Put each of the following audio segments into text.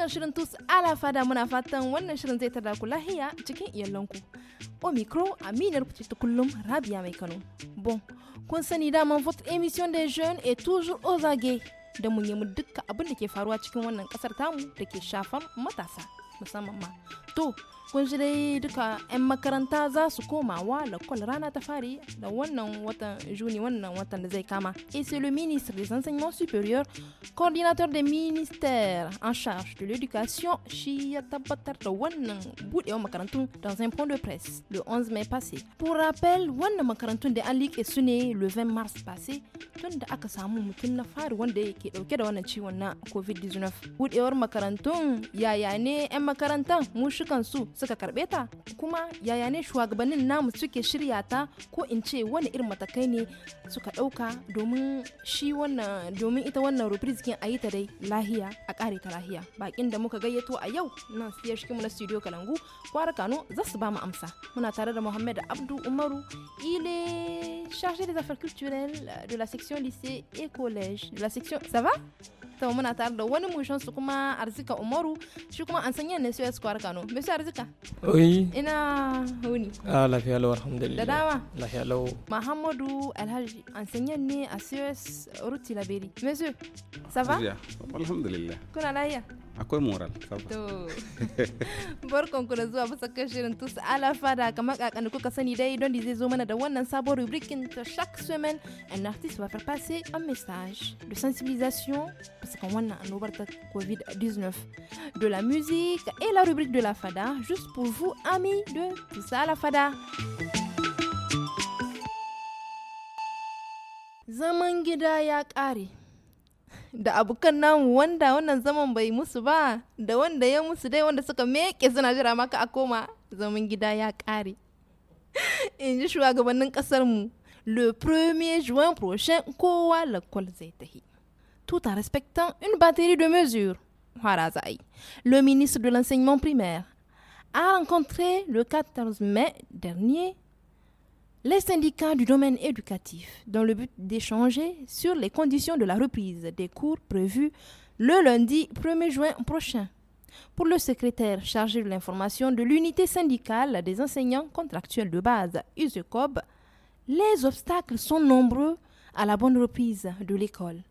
kan shirin tus ala fada muna fatan wannan shirin zai tada ku lahiya cikin iyalanku. Omicron Aminar ta kullum Rabia mai Kano. Bon, kun sani daman fot emission des jeunes et toujours aux zage da mu dukkan abin da ke faruwa cikin wannan kasar tamu da ke shafan matasa musamman ma to et c'est le ministre des enseignements supérieurs coordinateur des ministères en charge de l'éducation shi dans un point de presse le 11 mai passé pour rappel wannan le 20 mars passé tun da aka samu wanda yake dauke da wannan ciwon na covid-19 budewar makarantun makarantan su suka karbe ta kuma yaya ne shugabannin namu suke shirya ta ko in ce wani irin matakai ne suka dauka domin shi wannan domin ita wannan reprise kin ayi ta dai lahiya a kare ta lahiya bakin da muka gayyato a yau nan siyar shi na studio kalangu kwara kano za su ba mu amsa muna tare da muhammad abdu Umaru ile chargé des affaires culturelles de la section lycée et collège de la section ça va to muna tare da wani kuma arzika umaru shi kuma an sanya ne su arzika ina ah lafiya lau alhamdulillah la dama lafiya lau alhaji an a ruti laberi ça va alhamdulillah akwai moral to barkan ku da zuwa masakar shirin tus alafada kamar kakan kuka sani dai don zai zo mana da wannan sabon rubrikin to chaque semaine un artiste va faire passer un message de sensibilisation parce qu'on wannan annobar ta covid-19 de la musique et la rubrique de la fada juste pour vous amis de tus alafada zaman gida ya kare da abokan namu wanda wannan zaman bai musu ba da wanda ya musu dai wanda suka meke suna jira maka a koma zaman gida ya kare in ji shugabannin ƙasarmu le premier juin prochain kowa lakwal zai tahi tout en respectant une batterie de mesures le ministre de l'enseignement primaire a rencontré le 14 mai dernier les syndicats du domaine éducatif dans le but d'échanger sur les conditions de la reprise des cours prévus le lundi 1er juin prochain. Pour le secrétaire chargé de l'information de l'unité syndicale des enseignants contractuels de base, USECOB, les obstacles sont nombreux à la bonne reprise de l'école.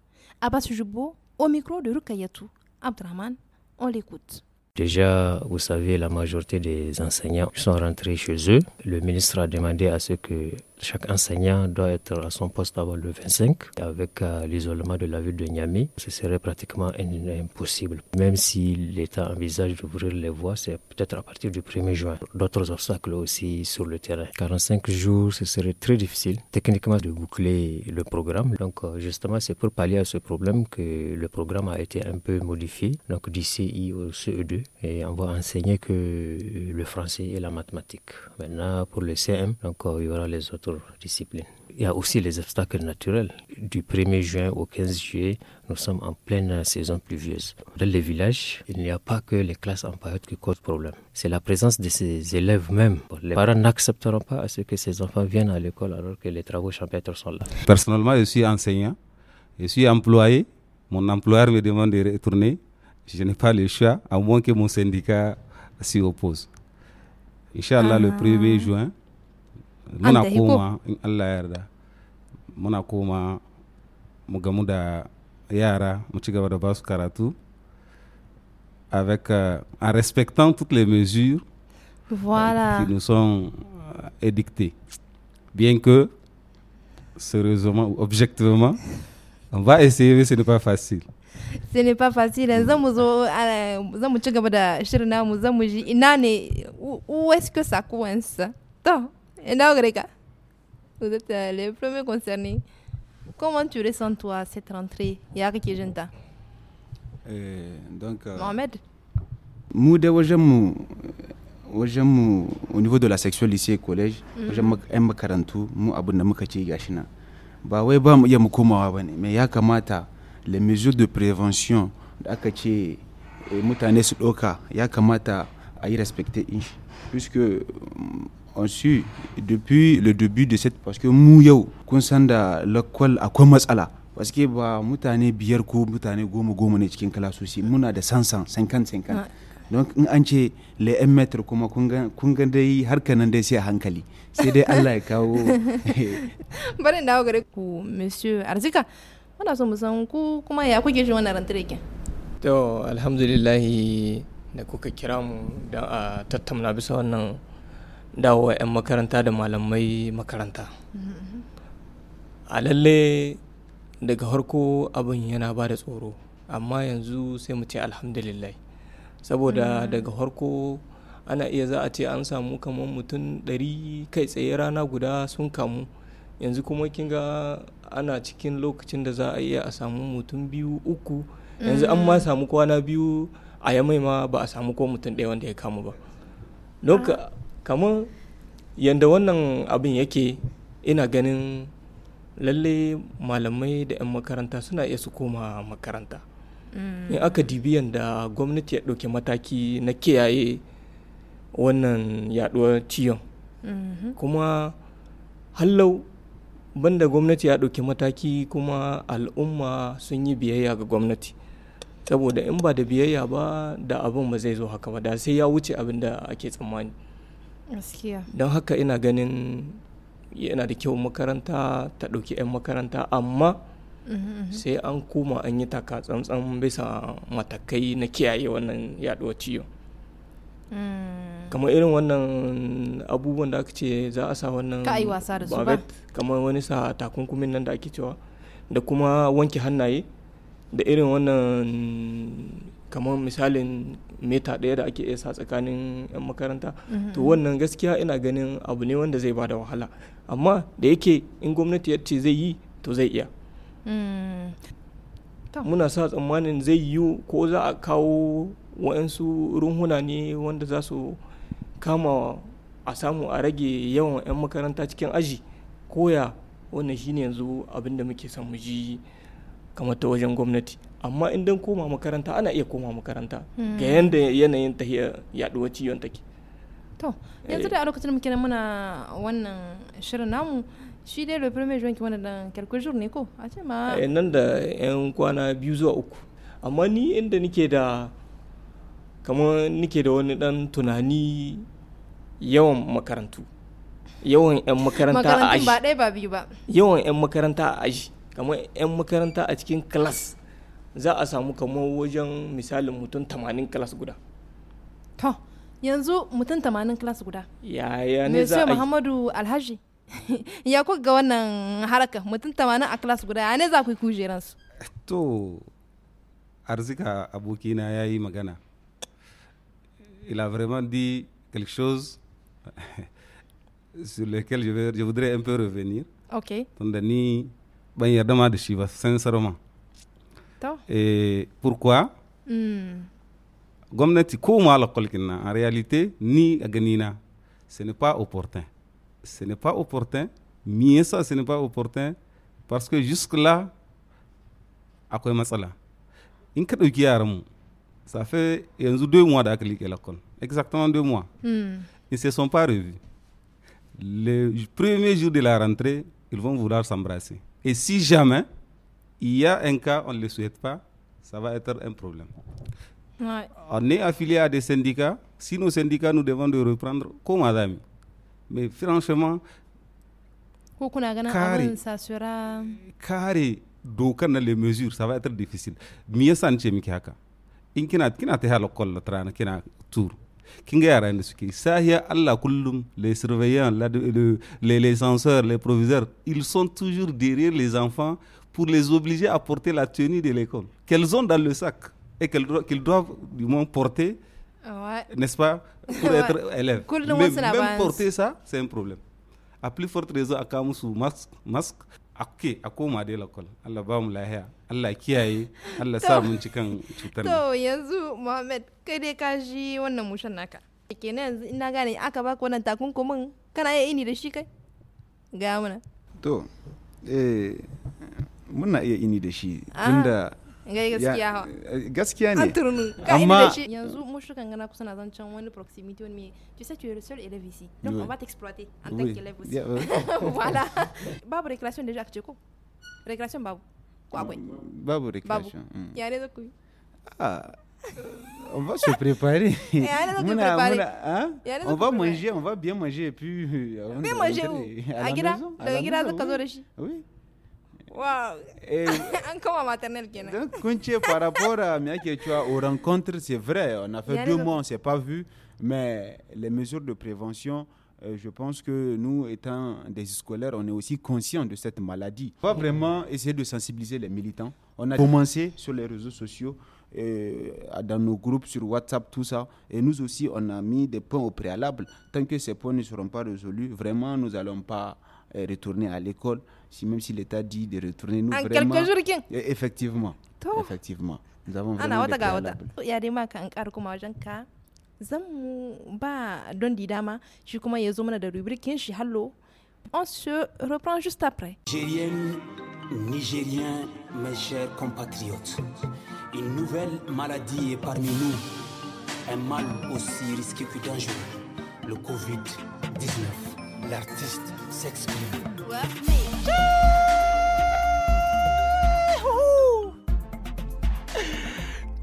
Abbas Jubo, au micro de Rukayatou Abdraman, on l'écoute. Déjà, vous savez, la majorité des enseignants sont rentrés chez eux. Le ministre a demandé à ce que chaque enseignant doit être à son poste avant le 25. Avec euh, l'isolement de la ville de Niamey, ce serait pratiquement impossible. Même si l'État envisage d'ouvrir les voies, c'est peut-être à partir du 1er juin. D'autres obstacles aussi sur le terrain. 45 jours, ce serait très difficile techniquement de boucler le programme. Donc euh, justement, c'est pour pallier à ce problème que le programme a été un peu modifié. Donc d'ici au CE2, et on va enseigner que euh, le français et la mathématique. Maintenant, pour le CM, encore, il y aura les autres disciplines. Il y a aussi les obstacles naturels. Du 1er juin au 15 juillet, nous sommes en pleine saison pluvieuse. Dans les villages, il n'y a pas que les classes en période qui causent problème. C'est la présence de ces élèves même. Les parents n'accepteront pas à ce que ces enfants viennent à l'école alors que les travaux champêtres sont là. Personnellement, je suis enseignant, je suis employé. Mon employeur me demande de retourner je n'ai pas le choix, à moins que mon syndicat s'y oppose. Inch'Allah, le 1er ah. juin, mon akouma, Allah yarda mon yara avec euh, en respectant toutes les mesures euh, qui nous sont euh, édictées bien que sérieusement ou objectivement on va essayer mais ce n'est pas facile ce n'est pas facile zamu zo zamu ci gaba da shirin namu zamu ji ina ne où est-ce que ça coince to ina gare ka vous êtes euh, les premiers concernés comment tu ressens toi cette rentrée ya kake euh, donc euh, Mohamed mu da wajen au niveau de la sexuelle lycée collège wajen yan makarantu mu abin da muka ce gashi nan ba wai ba mu iya mu komawa bane me ya kamata les mesures de prévention da aka ce eh, mutane su ɗauka ya kamata à y respecter puisque mm, on suit depuis le début de cette parce que mu yau kun san da akwai matsala parce que ba mutane biyar ko mutane goma goma ne cikin kalasosi muna da sansan sankan sankan don in an ce le yan metre kuma kun ga dai harkar nan dai sai hankali sai dai allah ya kawo barin dawo gare ku monsieur arzika muna so mu san ku kuma ya kuke ji wannan rantirikin to alhamdulillah da kuka kira mu don a tattauna bisa wannan dawowa 'yan makaranta da malamai makaranta a lalle daga harko abin yana ba da tsoro amma yanzu sai mu ce alhamdulillah saboda mm. daga harko ana iya za a ce an samu kamar mutum 100 kai tsaye rana guda sun kamu yanzu kuma kin ga ana cikin lokacin da za a iya a samu mutum biyu uku yanzu an mm. ma samu kwana biyu a ya ma ba a samu ko mutum ɗaya wanda ya kamu ba ah. kamar yadda wannan abin yake ina ganin lalle malamai da 'yan makaranta suna iya su koma makaranta mm. in aka dibi yadda gwamnati ya ɗauki mataki na kiyaye wannan yaɗuwar ciyon mm-hmm. kuma hallau banda gwamnati ya ɗauki mataki kuma al'umma sun yi biyayya ga gwamnati saboda in ba da biyayya ba da abin ba zai zo haka ba da sai ya wuce abin da ake tsammani don haka ina ganin yana da kyau makaranta ta ɗauki 'yan makaranta amma mm-hmm, mm-hmm. sai an koma an yi taka tsantsan bisa matakai na kiyaye wannan yaɗuwa ciwon mm. kamar irin wannan abubuwan da aka ce za a sa wannan ka wasa da su ba kamar wani sa takunkumin nan da ake cewa da kuma wanke hannaye da irin wannan kamar misalin meta ɗaya da ake sa tsakanin 'yan makaranta mm-hmm. to wannan gaskiya ina ganin abu ne wanda zai bada wahala amma da yake in gwamnati ce zai yi to zai iya mm. muna sa tsammanin zai yi ko za a kawo wa'ansu runhuna ne wanda za su kama a samu a rage yawan 'yan makaranta cikin aji koya wannan shine yanzu abin da muke son mu ji kamar ta wajen gwamnati amma idan koma makaranta ana iya koma makaranta ga hmm. yadda yanayin ta yaduwar ciwon take to yanzu da a lokacin muke muna wannan shirin namu shi dai rufin mai juin ki dan quelques ne ko a ce ma eh, nan da yan kwana biyu zuwa uku amma ni inda nike da kamar nike da wani dan tunani yawan makarantu yawan 'yan makaranta a aji ba ba biyu ba yawan 'yan makaranta a aji kamar 'yan makaranta a cikin klas za a samu kamar wajen misalin mutum 80 klas guda to yanzu mutum 80 klas guda ya ne za a muhammadu alhaji ya kuka ga wannan haraka mutum 80 a klas guda ya ne za ku yi kujeransu to arzika abokina ya yi magana il a vraiment dit quelque chose sur lequel je, je, voudrais un peu revenir. Ok. Tandani, ben yardama de Shiva, sincèrement. Et pourquoi? Hmm. Gomnati koma la kolkina. En réalité, ni aganina, ce n'est pas opportun. Ce n'est pas opportun. Mieux ça, ce n'est pas opportun parce que jusque là, akwai matsala. In ka de yaranmu, ça fait deux mois à et l'école. Exactement deux mois. Hmm. Ils ne se sont pas revus. Le premier jour de la rentrée, ils vont vouloir s'embrasser. Et si jamais il y a un cas, on ne le souhaite pas, ça va être un problème. On est affilié à des syndicats. Si nos syndicats, nous devons de reprendre comme madame. Mais franchement, carré, ça sera... carré, d'aucun les mesures, ça va être difficile. Mieux ça les surveillants les les censeurs les proviseurs ils sont toujours derrière les enfants pour les obliger à porter la tenue de l'école qu'elles ont dans le sac et qu'ils doivent, du moins porter n'est-ce pas pour être élèves. même, porter ça c'est un problème à plus forte raison à Kamusu masque masque ake a koma dai lakol Allah ba mu lahiya Allah kiyaye Allah sa mun cikan cutar to yanzu Muhammad kai dai ka ji wannan mushan naka na yanzu ina gane aka baka wannan takunkumin kana iya ini da shi kai ga muna to eh muna iya ini da shi tunda ah. gai gaskiya ha eh, eh, gaskiya ne amma yanzu mu shi gana kusa na zancan wani proximity wani me tu sais tu es le seul élève ici donc on va t'exploiter en tant qu'élève aussi voilà babu récréation déjà ce ko récréation babu ko akwai mm, babu récréation ya ne zaku ah on va se préparer. muna, muna, hein? On va manger, on va bien manger et puis. Euh, bien manger où À Gira, à Gira, à Oui. Wow. Eh, Encore à maternelle Donc par rapport à aux rencontres, c'est vrai, on a fait deux mois, on s'est pas vu, mais les mesures de prévention euh, je pense que nous, étant des scolaires, on est aussi conscients de cette maladie. Pas vraiment essayer de sensibiliser les militants. On a commencé sur les réseaux sociaux, et euh, dans nos groupes sur WhatsApp, tout ça. Et nous aussi, on a mis des points au préalable. Tant que ces points ne seront pas résolus, vraiment, nous n'allons pas euh, retourner à l'école si même si l'État dit de retourner, nous en vraiment... quelques jours, qui... Eh, effectivement, to. effectivement, nous avons vraiment des préalables. wata. Il y a des ƙara kuma wajen ka zan mu ba don Didama, je shi kuma ya zo mana da rubrikin shi hallo on se reprend juste après. Nigérienne, Nigérien, mes chers compatriotes, une nouvelle maladie est parmi nous, un mal aussi risqué que dangereux, le Covid-19 l'artiste s'exprime.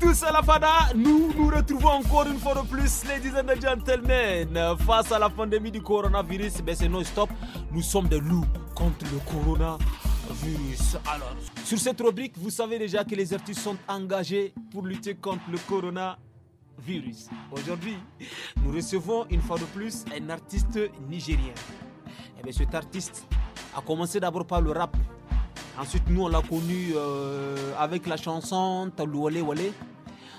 Tous à la fada, nous nous retrouvons encore une fois de plus, ladies and gentlemen. Face à la pandémie du coronavirus, ben, c'est non-stop. Nous sommes des loups contre le coronavirus. Alors, sur cette rubrique, vous savez déjà que les artistes sont engagés pour lutter contre le coronavirus. Aujourd'hui, nous recevons une fois de plus un artiste nigérien. Mais cet artiste a commencé d'abord par le rap. Ensuite, nous, on l'a connu euh, avec la chanson Talouale Wale.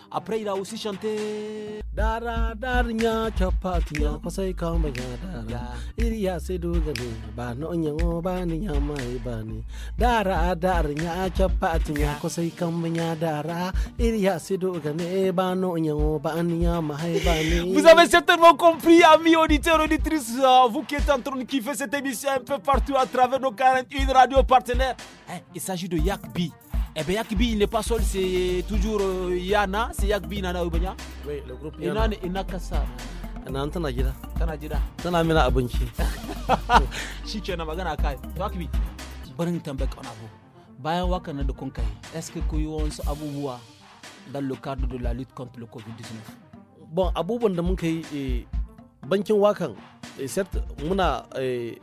Après, il a aussi chanté dara dar nya chapat nya kosai kamba nya dara iriya sidu gani ba no nya ngo ba ni nya mai ba ni dara dar nya chapat nya kosai kamba nya dara iriya sidu gani ba no nya ngo ba ni nya mai ba ni Vous avez certainement compris amis auditeurs auditrices euh, vous qui êtes en train de kiffer cette émission un peu partout à travers nos 41 radios partenaires hein, il s'agit de Yakbi eh bien, Yakbi, il n'est pas seul, c'est toujours euh, Yana, c'est Yakbi, Nana Ubanya. Oui, le groupe Yana. Et Nana Kassa. Nana tana gida. Tana gida. Tana mina abinci. Shi ke na magana kai. To Yakbi, barin tambayar wani abu. Bayan waka na da kun kai, est-ce que ku yi wasu abubuwa dans le cadre de la lutte contre le COVID-19? Bon, abubuwan da mun kai eh, bankin wakan, eh, set muna eh,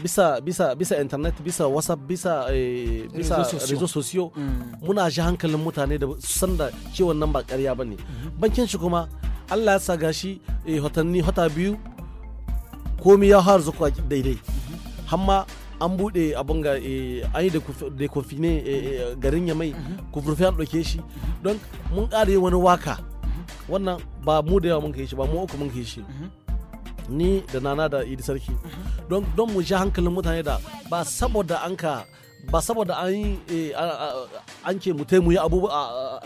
bisa bisa bisa internet bisa whatsapp bisa eh, eh bisa rezo sosiyo mm. muna ji hankalin mutane da san da ciwon nan ba karya ba ne mm. bankin shi kuma allah ya sa gashi eh, hotanni hota biyu komi ya har zuwa daidai mhm. hamma an buɗe abin ga eh, an yi da kofine eh, garin ya mai mhm. kufurfi an ɗauke shi mhm. don mun ƙara wani waka wannan ba mu da yawa mun kai shi ba mu uku mun kai shi ni da nana da idi sarki don mu ji hankalin mutane da ba saboda an ka ba saboda an yi eh, an ce mu taimu yi abubuwa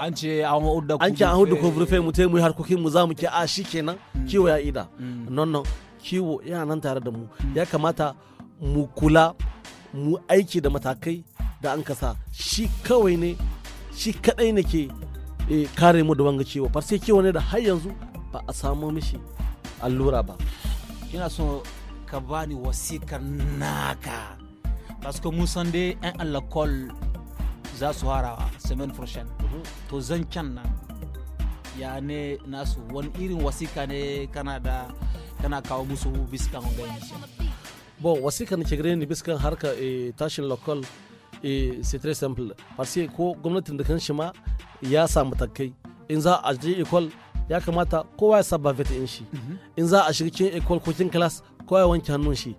an ce an hudu an ce an hudu ko rufe mu taimu yi harkokin mu za mu ah, ke a shi kenan mm. kiwo ya ida mm. non non kiwo yana nan tare da mu ya kamata mu kula mu aiki da matakai da an kasa shi kawai ne shi kadai ne ke eh, kare mu da wanga kiwo far kiwo ne da har yanzu ba a samu mishi allura ba ina so ka bani wasikar naka parce que mun san dai yan alakol za su harawa semaine prochaine mhm. to zan can nan ya ne nasu wani irin wasika ne kana da kana kawo musu biskan gani bon wasika ne ke gare ni biskan harka eh, tashin lokal eh, c'est très simple parce que ko gwamnatin da kan shi ma ya samu takai in za a je ecole ya kamata kowa ya sa fita in shi mhm. in za a shiga cikin ecole ko cikin class kowa ya wanke hannun shi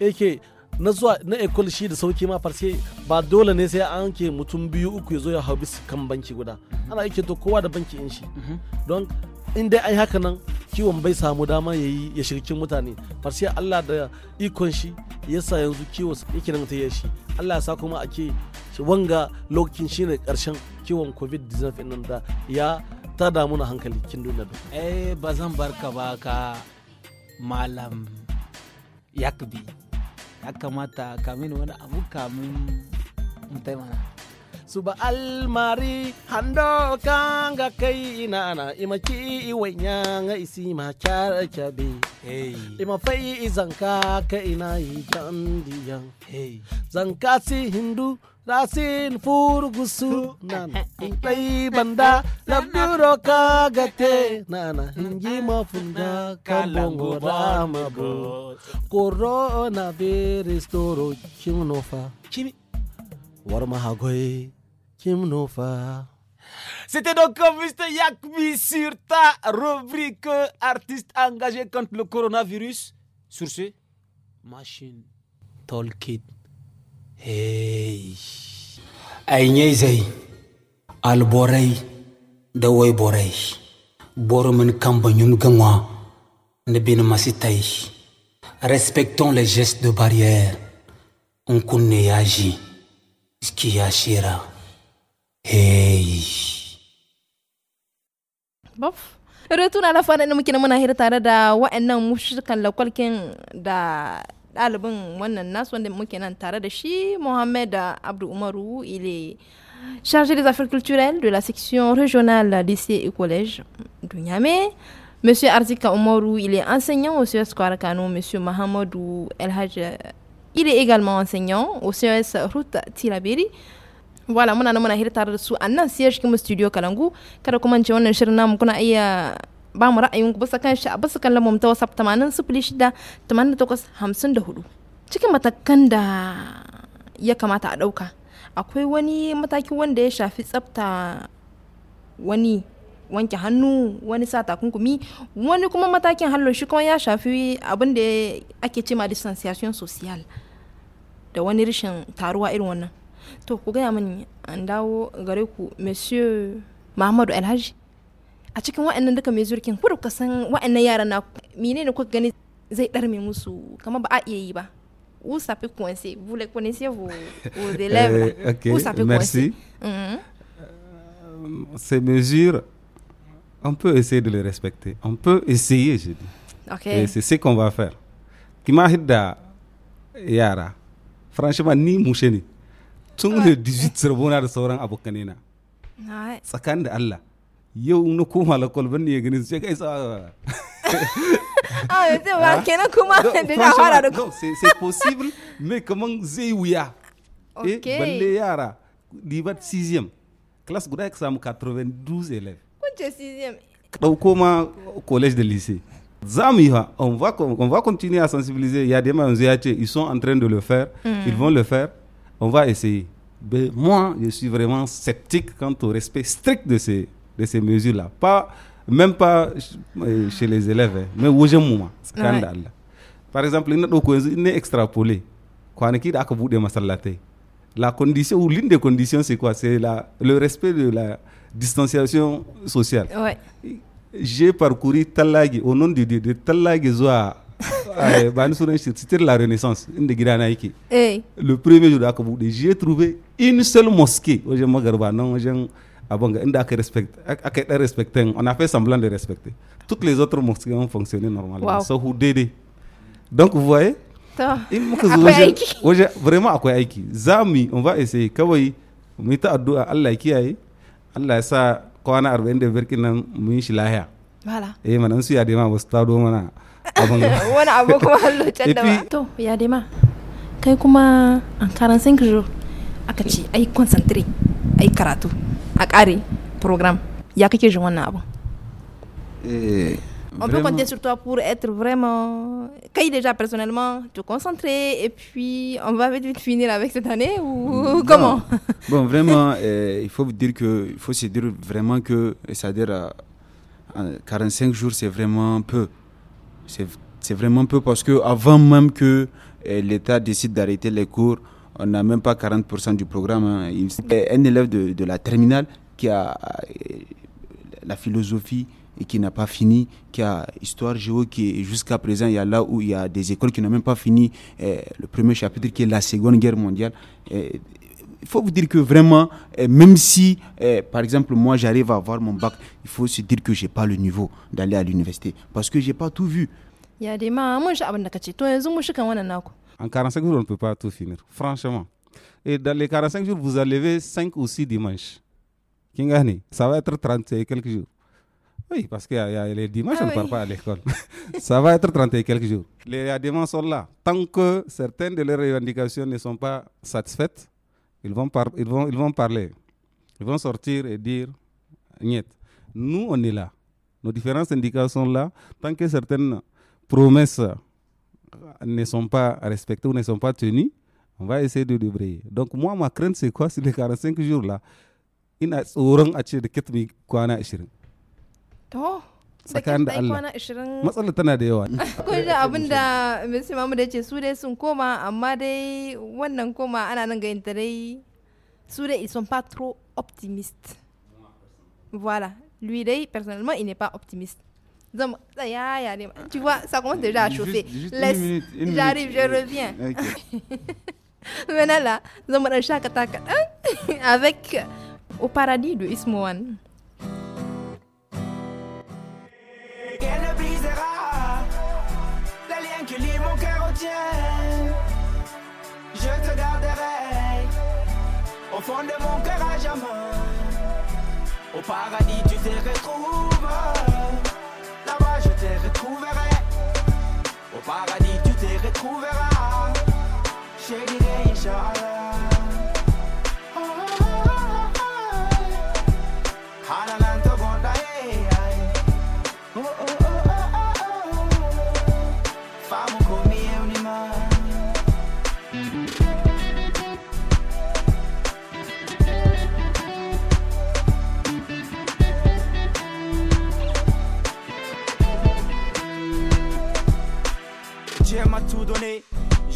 yake na zuwa na ecole shi da sauki ma farce ba dole ne sai an ke mutum biyu uku ya zo ya hau bisa kan banki guda mhm. ana yake to kowa da banki in shi mhm. don in dai an haka nan kiwon bai samu dama ya yi ya cikin mutane farce Allah da ikon shi yasa yanzu kiwo yake nan ta shi Allah ya sa kuma ake wanga lokacin shine karshen kiwon covid-19 ya ta damu na hankali kin duniya duk. eh ba zan bar ka ba ka malam yakbi ya kamata kamin wani abu kamin mana. su ba almari hando kan ga kai ina ana imaki iwanya nga isi ma kyara kyabe hey. ima fai zanka ka ina yi jandiyan hey. zanka si hindu rasin gusu nana intai banda kagate nana hingi mafunda kabongo ramabo corona virus toro kimnofa kimi warma hagoy kimnofa C'était donc Mr. Yakmi sur ta rubrique artiste engagé contre le coronavirus. Sur ce, machine, toolkit. Ainyaizai, alborai da waiborai, kamba kambanyun gangwa ne bin tay Respectons les gestes de barrière. Nkunne yaji, shira. Hey. Bof. retourne à la fin de nous qui a... avons tare da wa'annan da ɗalibin wannan nasu wanda muke nan tare da shi Mohamed Abdou Umaru il est chargé des affaires culturelles de la section régionale lycée et collège de Niamey. Monsieur Arzika Omarou, il est enseignant au CES Kwarakano. Monsieur Mahamadou Elhaj, il est également enseignant au CES Route Tilabiri. Voilà, mon nom est Hirtar Anna, siège qui studio Kalangu. Car comment tu as un chernam qu'on a ba mu ku bisa kan shi a bisa kan lamun ta da hudu cikin matakan da ya kamata a ɗauka akwai wani mataki wanda ya shafi tsafta wani wanke hannu wani sa takunkumi wani kuma matakin hallo shi kuma ya shafi abin da ake ce ma distanciation social da wani rashin taruwa irin wannan to ku gaya mani an dawo gare ku monsieur mahmadu alhaji a cikin waɗannan duka mai zurkin kudu ka san waɗannan yara na menene kuka gani zai dar mai musu kamar ba a iya yi ba où ça peut coincer Vous les connaissez, vos, vos élèves euh, okay, Où ça peut merci. coincer mm -hmm. euh, Ces mesures, on peut essayer de les respecter. On peut essayer, je dis. Okay. Et c'est ce qu'on va faire. Kimahida Yara, franchement, ni moucheni. Tout le 18 serbona de Soran Abokanina. Sakan de Allah yau na koma lakol ban ya ganin kay sa ah kuma ah, à c'est possible mais comment zai wuya eh, Ok. balle yara dibat 6e classe guda ka 92 élèves quand ce 6e collège au collège de lycée Zamiha, on va, on va continuer à sensibiliser. Il y a des gens ils sont en train de le faire, hmm. ils vont le faire, on va essayer. Mais moi, je suis vraiment sceptique quant au respect strict de ces de ces mesures-là. Pas, même pas chez euh, les élèves, hein, mais au moment, scandale. Par exemple, il est extrapolé. Quand on a la condition ou l'une des conditions, c'est quoi C'est le respect de la distanciation sociale. J'ai parcouru Talagi, au nom de Dieu, de Talagi Zoa bah, c'était la Renaissance, une des Le premier jour, de j'ai trouvé une seule mosquée. Oh, bah, inda respect, on a fait semblant de respecter. Toutes les autres mosquées ont fonctionné normalement. Donc, vous voyez, vraiment akoy aiki on va essayer kawai va ta Allah kiyaye Allah kwana de nan mu shi lahiya wala eh, su ya dema ta on mana wani abu kuma hallo can to ya kai kuma jours ai ai a programme il ya kake jin wannan avant. Eh, on peut compter sur toi pour être vraiment, Kai déjà personnellement, te concentrer et puis on va vite, finir avec cette année ou comment Bon, vraiment, eh, il faut dire que, il faut se dire vraiment que, eh, c'est-à-dire, 45 euh, jours, c'est vraiment peu. C'est vraiment peu parce que avant même que l'État décide d'arrêter les cours, on n'a même pas 40% du programme. Hein. Un élève de, la terminale qui a euh, la philosophie et qui n'a pas fini, qui a histoire géo, qui jusqu'à présent, il y a là où il y a des écoles qui n'ont même pas fini euh, le premier chapitre qui est la Seconde Guerre mondiale. il faut vous dire que vraiment, euh, même si, par exemple, moi j'arrive à avoir mon bac, il faut se dire que je n'ai pas le niveau d'aller à l'université parce que je n'ai pas tout vu. En 45 jours, on ne peut pas tout finir, franchement. Et dans les 45 jours, vous allez 5 ou 6 dimanches. ça va être 30 et quelques jours. Oui, parce que y les dimanches, on ne ah part pas à l'école. ça va être 30 et quelques jours. Les adhérents sont là. Tant que certaines de leurs revendications ne sont pas satisfaites, ils vont, ils vont, ils vont parler. Ils vont sortir et dire Niet. Nous, on est là. Nos différents syndicats sont là. Tant que certaines promesses ne sont pas respectés ou ne sont pas tenus, on va essayer de débrayer. Donc moi, ma crainte, c'est quoi C'est les 45 jours-là. Ils tsoron a ce da kat kwana 20. To, da kat mai en train Matsala tana da yawa. Kun ji abin da Mr. Mahmud ya ce su dai sun koma, amma dai wannan koma ana nan ga yanta dai su dai ils sont pas trop optimistes. Voilà. Lui dai, personnellement, il n'est pas optimiste. Donc, tu vois, ça commence déjà à chauffer. Laisse, j'arrive, je reviens. Maintenant là, hein? avec euh, au paradis de Ismoan. Elle brisera le lien qui lie mon cœur au tien. Je te garderai au fond de mon cœur à jamais. Au paradis, tu te retrouves. Au paradis, tu te retrouveras. Chérie, Inch'Allah.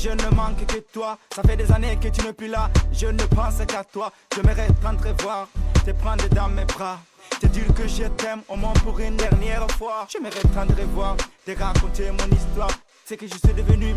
je ne manque que toi. Ça fait des années que tu n'es plus là, je ne pense qu'à toi. Je te voir, te prendre dans mes bras. Te dire que je t'aime au moins pour une dernière fois. Je te voir, te raconter mon histoire. C'est que je suis devenu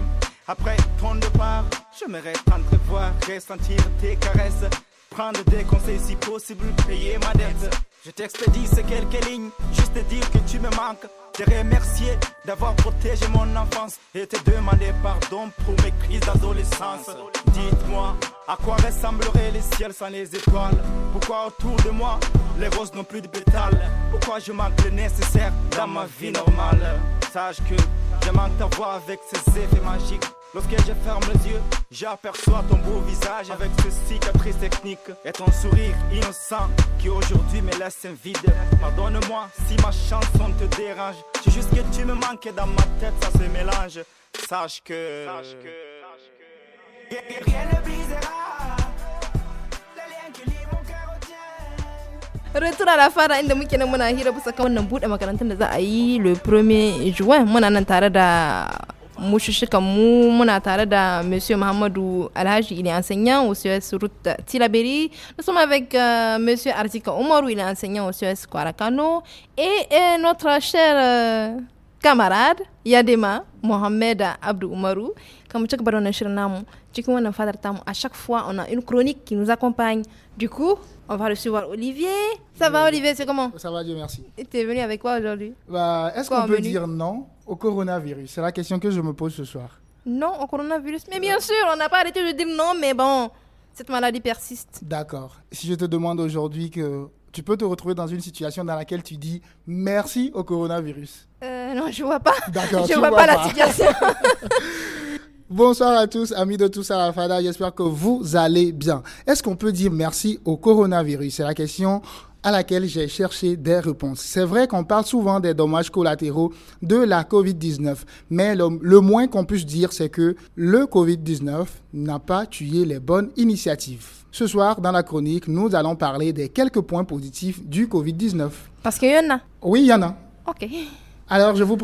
après ton départ. Je te voir, ressentir tes caresses. Prendre des conseils si possible, payer ma dette. Je t'expédie ces quelques lignes, juste te dire que tu me manques te remercier d'avoir protégé mon enfance et te demander pardon pour mes crises d'adolescence. Dites-moi, à quoi ressembleraient les ciels sans les étoiles Pourquoi autour de moi, les roses n'ont plus de pétales Pourquoi je manque le nécessaire dans ma vie normale Sache que je manque ta voix avec ses effets magiques Lorsque je ferme les yeux, j'aperçois ton beau visage avec ce cicatrice technique et ton sourire innocent qui aujourd'hui me laisse un vide. Pardonne-moi si ma chanson te dérange. C'est juste que tu me manques et dans ma tête ça se mélange. Sache que. Sache que. Rien ne brisera. retour à la fara de muke nan muna hira bisa kan wannan bude makarantar da za a yi le 1er juin muna nan mushushika mu muna tare da monsieur Mohamedou Alhaji il est enseignant au CES route Tilaberi nous sommes avec euh, monsieur Artika Omarou il est enseignant au CES Kwarakano et, et notre cher euh, camarade Yadema Mohamed Abdou Oumarou comme chaque baron namu à chaque fois on a une chronique qui nous accompagne du coup on va recevoir Olivier. Ça va, Olivier C'est comment Ça va, Dieu merci. Et tu es venu avec quoi aujourd'hui bah, Est-ce qu'on peut dire non au coronavirus C'est la question que je me pose ce soir. Non au coronavirus Mais bien sûr, on n'a pas arrêté de dire non, mais bon, cette maladie persiste. D'accord. Si je te demande aujourd'hui que tu peux te retrouver dans une situation dans laquelle tu dis merci au coronavirus. Euh, non, je vois pas. je vois, vois, pas. la situation. Bonsoir à tous, amis de tous à la J'espère que vous allez bien. Est-ce qu'on peut dire merci au coronavirus C'est la question à laquelle j'ai cherché des réponses. C'est vrai qu'on parle souvent des dommages collatéraux de la COVID-19, mais le, le moins qu'on puisse dire, c'est que le COVID-19 n'a pas tué les bonnes initiatives. Ce soir, dans la chronique, nous allons parler des quelques points positifs du COVID-19. Parce qu'il y en a. Oui, il y en a. OK. Alors, je vous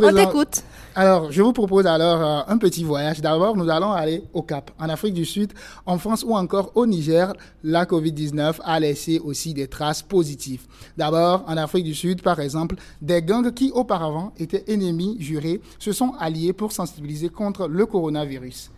je vous propose alors euh, un petit voyage. D'abord, nous allons aller au Cap, en Afrique du Sud, en France ou encore au Niger. La COVID-19 a laissé aussi des traces positives. D'abord, en Afrique du Sud, par exemple, des gangs qui auparavant étaient ennemis jurés se sont alliés pour sensibiliser contre le coronavirus.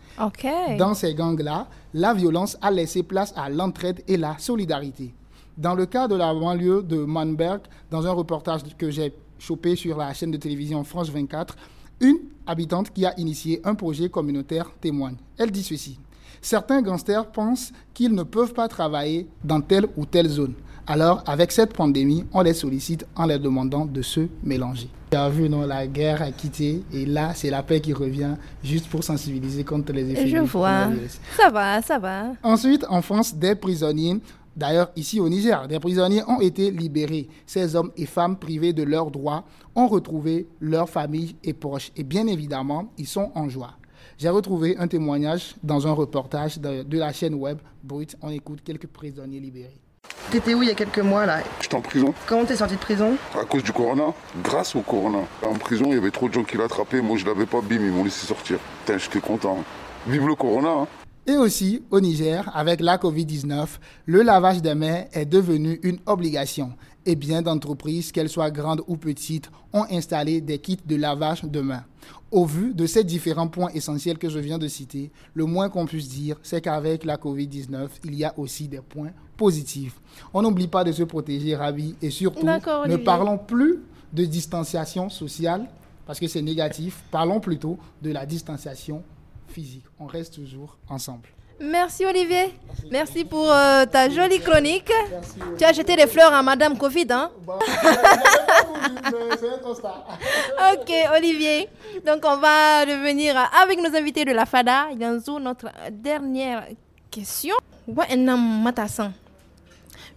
Dans ces gangs-là, la violence a laissé place à l'entraide et la solidarité. Dans le cas de la banlieue de Manberg, dans un reportage que j'ai Chopée sur la chaîne de télévision France 24 une habitante qui a initié un projet communautaire témoigne. Elle dit ceci. Certains gangsters pensent qu'ils ne peuvent pas travailler dans telle ou telle zone. Alors, avec cette pandémie, on les sollicite en leur demandant de se mélanger. Tu as vu, non, la guerre a quitté et là, c'est la paix qui revient juste pour sensibiliser contre les effets. Je vois. Ça va, ça va. Ensuite, en France, des prisonniers D'ailleurs, ici au Niger, des prisonniers ont été libérés. Ces hommes et femmes privés de leurs droits ont retrouvé leurs familles et proches. Et bien évidemment, ils sont en joie. J'ai retrouvé un témoignage dans un reportage de, la chaîne web Brut. On écoute quelques prisonniers libérés. T'étais où il y a quelques mois là J'étais en prison. Comment t'es sorti de prison À cause du corona, grâce au corona. En prison, il y avait trop de gens qui l'attrapaient. Moi, je l'avais pas, bim, ils m'ont laissé sortir. Je j'étais content. Vive le corona hein. Et aussi, au Niger, avec la COVID-19, le lavage des mains est devenu une obligation. Et bien d'entreprises, qu'elles soient grandes ou petites, ont installé des kits de lavage de mains. Au vu de ces différents points essentiels que je viens de citer, le moins qu'on puisse dire, c'est qu'avec la COVID-19, il y a aussi des points positifs. On n'oublie pas de se protéger, Ravi, et surtout, ne parlons plus de distanciation sociale, parce que c'est négatif, parlons plutôt de la distanciation physique. On reste toujours ensemble. Merci Olivier. Merci, pour euh, ta jolie chronique. tu as jeté des fleurs à Madame Covid, hein Ok Olivier. Donc on va revenir avec nos invités de la FADA. notre dernière question. Wa'annan matasan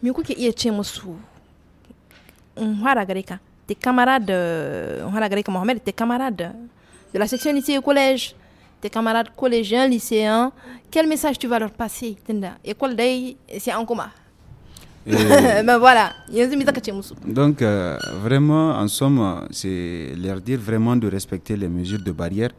me kuke euh, de la section lycée au collège tes camarades collégiens, lycéens, quel message tu vas leur passer École d'ail, c'est en coma. ben voilà. Donc, euh, vraiment, en somme, c'est leur dire vraiment de respecter les mesures de barrière,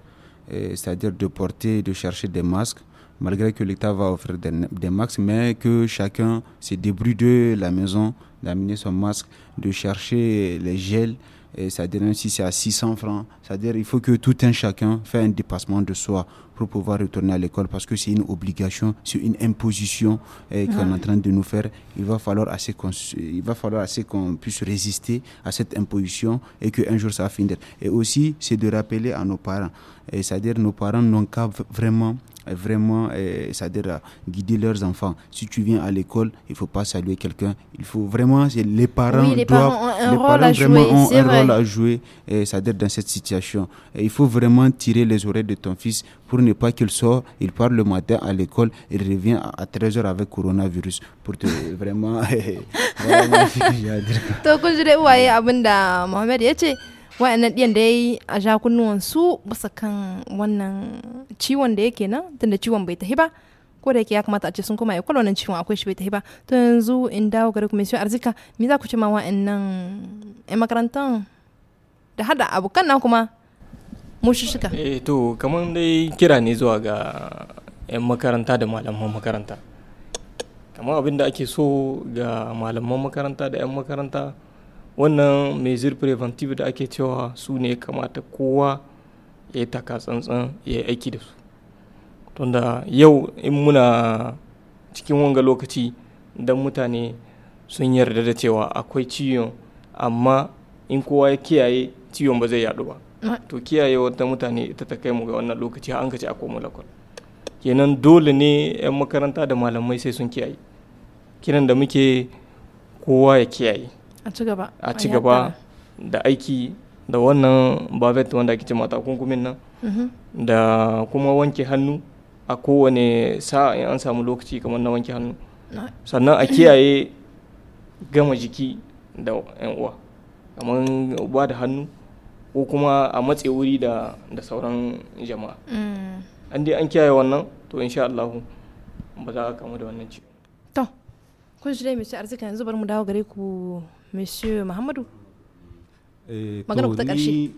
c'est-à-dire de porter, de chercher des masques, malgré que l'État va offrir des, des, masques, mais que chacun se débrouille de la maison, d'amener son masque, de chercher les gels et ça même si c'est à 600 francs, c'est-à-dire il faut que tout un chacun fasse un dépassement de soi pour pouvoir retourner à l'école parce que c'est une obligation, c'est une imposition eh, qu'on est en train de nous faire. Il va falloir assez qu'on, il va falloir assez qu'on puisse résister à cette imposition et qu'un jour ça va Et aussi, c'est de rappeler à nos parents, et c'est-à-dire nos parents n'ont qu'à vraiment vraiment, c'est-à-dire euh, guider leurs enfants. Si tu viens à l'école, il faut pas saluer quelqu'un. Il faut vraiment, les parents doivent, les parents à vraiment jouer, ont un rôle à jouer, c'est-à-dire dans cette situation. il faut vraiment tirer les oreilles de ton fils pour ne pas qu'il sorte, il part le matin à l'école, il revient à 13h avec coronavirus pour te vraiment. je wa'annan ɗiyan da ya yi a ja basa kan wannan ciwon da yake nan tunda ciwon bai tafi ba ko da yake ya kamata a ce sun koma ekwal wannan ciwon akwai shi bai tafi ba to yanzu in dawo gare ku mai arzika me za ku ce ma wa'annan ƴan makarantar da hada abokan na kuma mu eh to kamar dai kira ne zuwa ga ƴan makaranta da malaman makaranta kamar abin da ake so ga malaman makaranta da ƴan makaranta wannan mezir preventive da ake cewa su ne kamata kowa ya yi taka tsantsan ya yi aiki da su tunda yau in muna cikin wanga lokaci don mutane sun yarda da cewa akwai ciyon amma in kowa ya kiyaye ciyon ba zai yadu ba to kiyaye wata mutane ita ta kai mu ga wannan lokaci an ka ci a komo kenan dole ne 'yan makaranta da malamai sai sun kiyaye kiran da muke kowa ya kiyaye a ci gaba da aiki da wannan bavet wanda ake ce mata kunkumin nan mm-hmm. da kuma wanke hannu a kowane sa'a in an samu lokaci kamar na wanke hannu sannan a kiyaye gama jiki da 'yan uwa kamar ba da hannu ko kuma a matse wuri da sauran jama'a an mm. dai an kiyaye wannan to insha Allah ba za a kamu da wannan ciwo to kun shi dai mai arzika yanzu bar mu dawo gare ku Monsieur Mahamadou, Euh, Maganar ta ƙarshe.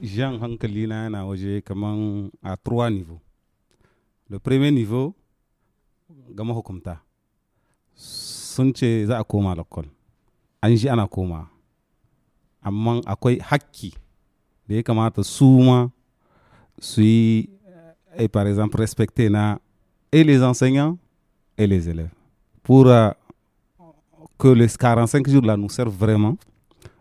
Jan hankali na yana waje kaman a trois niveaux. Le premier niveau ga mahukumta. Sun ce za a koma Anji ana koma. Amma akwai hakki da ya kamata su ma su yi, eh, eh, par exemple, respecter na et eh, les enseignants et les élèves. Pour que les 45 jours-là nous servent vraiment,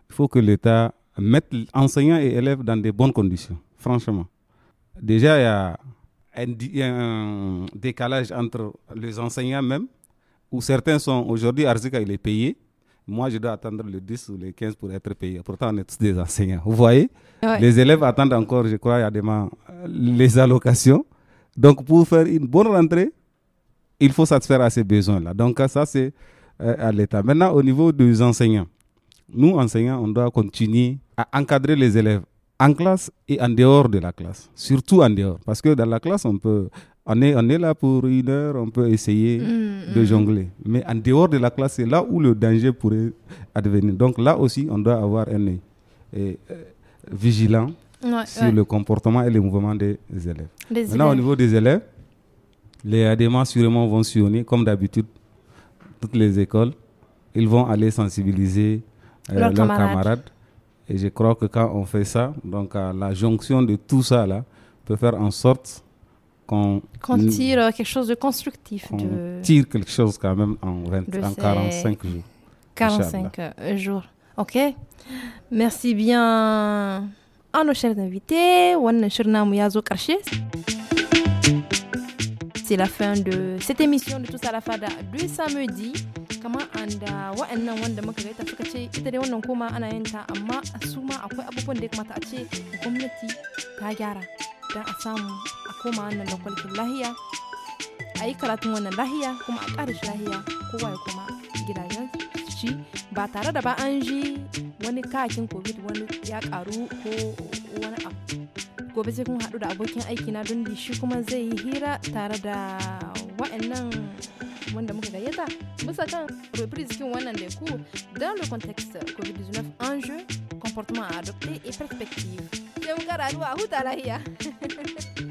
il faut que l'État mette enseignants et élèves dans des bonnes conditions, franchement. Déjà, il y a un, décalage entre les enseignants même, où certains sont aujourd'hui, Arzika, il est payé. Moi, je dois attendre le 10 ou le 15 pour être payé. Pourtant, on est tous des enseignants. Vous voyez Les élèves attendent encore, je crois, il y a des les allocations. Donc, pour faire une bonne rentrée, il faut satisfaire à ces besoins-là. Donc, ça, c'est euh, l'État. Maintenant, au niveau des enseignants, nous, enseignants, on doit continuer à encadrer les élèves en classe et en dehors de la classe, surtout en dehors, parce que dans la classe, on peut... On est, on est là pour une heure, on peut essayer mm, de mm. jongler. Mais en dehors de la classe, c'est là où le danger pourrait advenir. Donc là aussi, on doit avoir un œil euh, euh, vigilant sur le comportement et les mouvements des élèves. Maintenant, au niveau des élèves, les ADMA sûrement vont comme d'habitude, toutes les écoles. Ils vont aller sensibiliser euh, leurs, camarades. Et je crois que quand on fait ça, donc à la jonction de tout ça là, peut faire en sorte qu'on tire euh, quelque chose de constructif. tire quelque chose quand même en, 45 jours. 45 euh, jours. OK. Merci bien à nos chers invités c'est la fin de cette émission de Tous à la Fada du samedi. kamar anda wa'annan wanda muka gaita suka ce ita dai wannan koma ana yin ta amma su ma akwai abubuwan da ya kamata a ce gwamnati ta gyara don a samu a koma wannan lankwalkin lahiya a yi karatun wannan lahiya kuma a ƙara shi lahiya kowa ya koma gidajen shi ba tare da ba an ji wani kakin covid wani ya karu ko wani abu gobe sai kun haɗu da abokin aiki na don shi kuma zai yi hira tare da wa'annan wanda muka gayyata musa kan reprise kin wannan da ku dans le contexte covid-19 enjeu comportement à adopter et perspective sai mun kara a huta lahiya